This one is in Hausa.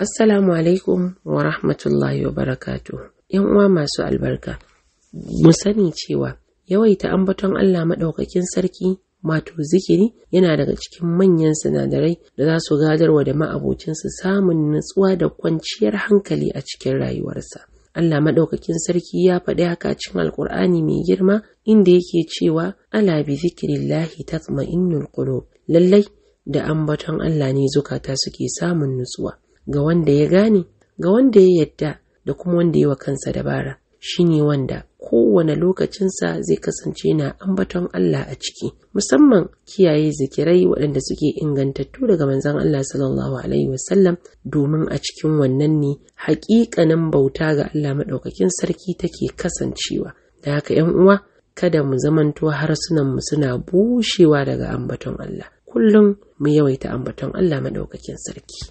Assalamu alaikum wa rahmatullahi wa barakatu. ‘Yan uwa masu albarka, mu sani cewa yawaita ambaton Allah maɗaukakin sarki wato zikiri yana daga cikin manyan sinadarai da za su gadarwa da ma'abocinsu samun nutsuwa da kwanciyar hankali a cikin rayuwarsa. Allah maɗaukakin sarki ya faɗi haka cikin Alƙur'ani mai girma inda yake cewa ala bi zikirillahi tatma'innul qulub lallai da ambaton Allah ne zukata suke samun nutsuwa. ga wanda ya gane ga wanda ya yadda da kuma wanda ya wa kansa dabara shine wanda kowane lokacinsa zai kasance na ambaton Allah a ciki musamman kiyaye zikirai waɗanda suke ingantattu daga manzan Allah sallallahu alaihi wasallam domin a cikin wannan ne haƙiƙanin bauta ga Allah maɗaukakin sarki take kasancewa da haka 'yan uwa kada mu zamanto mu suna bushewa daga ambaton Allah kullum mu yawaita ambaton Allah maɗaukakin sarki